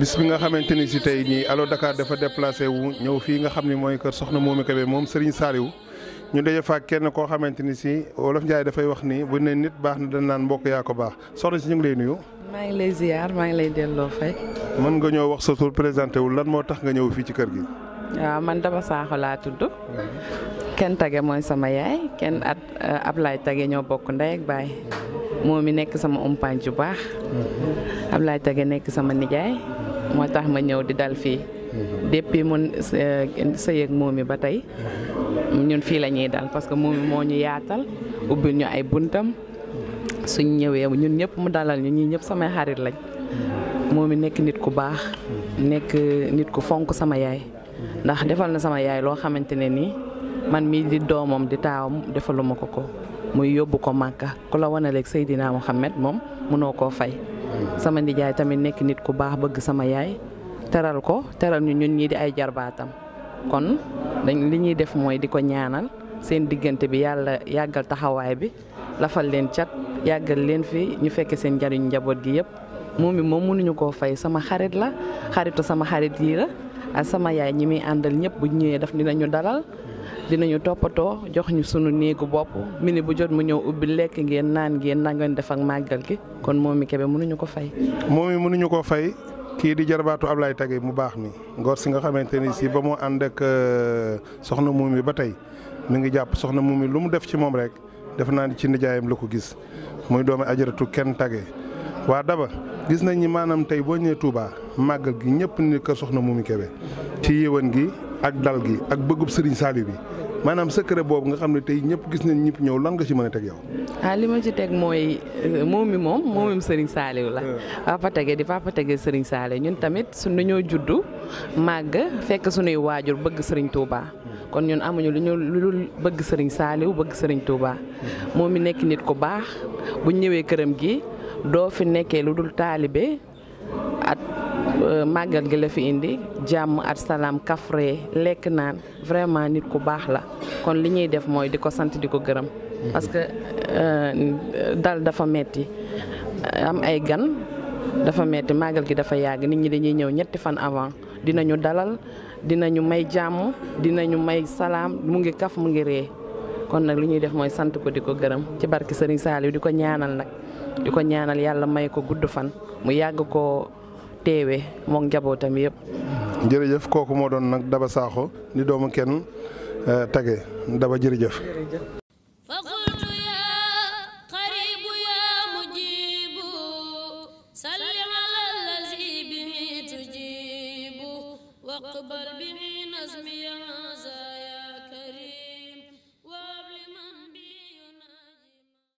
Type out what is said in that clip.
bis bi nga xamante ni si tey nii Allo Dakar dafa déplacé wu ñëw fii nga xam ni mooy kër soxna Momy Kébé moom Serigne Saliou ñu daje fa kenn koo xamante ni si Wolof Njaay dafay wax nii bu ne nit baax na dañ naan mbokk yaa ko baax soxna si ñu ngi lay nuyu. maa ngi lay ziar maa ngi lay delloo fay. mën nga ñoo wax sa tur présenté wu lan moo tax nga ñëw fii ci kër gi. Ya, man dafa Sakho laa tudd. ken tage mooy sama yaay ken at ablay tagge ño bok nday ak bay momi nek nekk sama umpaañ ju bax ablay tagge nek sama nijaay. motax ma ñew di dal fi depi mun eh, sey ak momi ba ñun fi lañuy dal parce que momi mo ñu yaatal. ubbil ñu ay buntam. suñ ñewé ñun ñëpp mu dalal ñu ñii ñëpp xarit lañ. momi nek nit ku bax nek nit ku fonk sama yaay. ndax defal na sama yaay loo xamante ne nii man mii di doomam di taawam defaluma ko ko muy yóbbu ko màkka ku la wanaleeg seydinaa Mouhamed moom munoo koo fay. sama nijaay tamit nekk nit ku baax bëgg sama yaay teral ko teral ñu ñun ñii di ay jarbaatam kon dañ li ñuy def mooy di ko ñaanal seen diggante bi yàlla yàggal taxawaay bi lafal leen cat yàggal leen fi ñu fekke seen njariñ njaboot gi yëpp koo fay sama xarit la xaritu sama xarit yi la. a sama yaay ñi muy àndal ñëpp bu ñëwee daf dinañu dalal dinañu toppatoo jox ñu sunu néegu bopp ni bu jot mu ñëw ubbi lekk ngeen naan ngeen nangoon def ak màggal gi kon moom mi Kébé mënuñu ko fay. moom mi mënuñu ko fay kii di jarbaatu laay Tage mu baax mi ngor si nga xamante ni si ba mu ànd ak euh, soxna Moumi ba tey mu ngi jàpp soxna mi lu mu def ci moom rek def naa ni ci nijaayam la ko gis muy doomi ajaratu kenn tage waa Daba. gis nañ ni maanaam tey boo ñëwee Touba màggal gi ñëpp ni kër soxna mu Kébé ci yéwan gi ak dal gi ak bëggub Serigne Saliou bi maanaam secret boobu nga xam ne tey ñëpp gis nañ ñëpp ñëw lan nga ci mën a teg yow. ah li ma ci teg mooy euh, moom mi moom moom Serigne Saliou la. fa tege di faa fa tege Serigne Saliou ñun tamit suñu ñoo juddu màgg fekk suñuy waajur bëgg sëriñ Touba. kon ñun amuñu lu ñu lu bëgg Serigne Saliou bëgg sëriñ Touba moom mm-hmm. mi nekk nit ku baax bu ñëwee këram gi. doo fi nekkee lu dul taalibe at euh, màggal gi la fi indi jàmm at salaam kafre lekk naan vraiment nit ku baax la kon li ñuy def mooy di ko sant di ko gërëm. parce que euh, dal dafa metti am ay gan dafa metti màggal gi dafa yàgg nit ñi dañuy ñëw ñetti fan avant ñu dalal dina ñu may jàmm dinañu may salaam mu ngi kaf mu ngi ree kon nak li ñuy def moy sant ko di ko ci barki serigne Saliou di ñaanal nak di ñaanal yalla may ko gudd fan mu yàgg koo teewee moom njabootam yépp jërëjëf koku mo doon nak Daba saxo ni doomu kenn eh, tage Daba jërëjëf. وقبل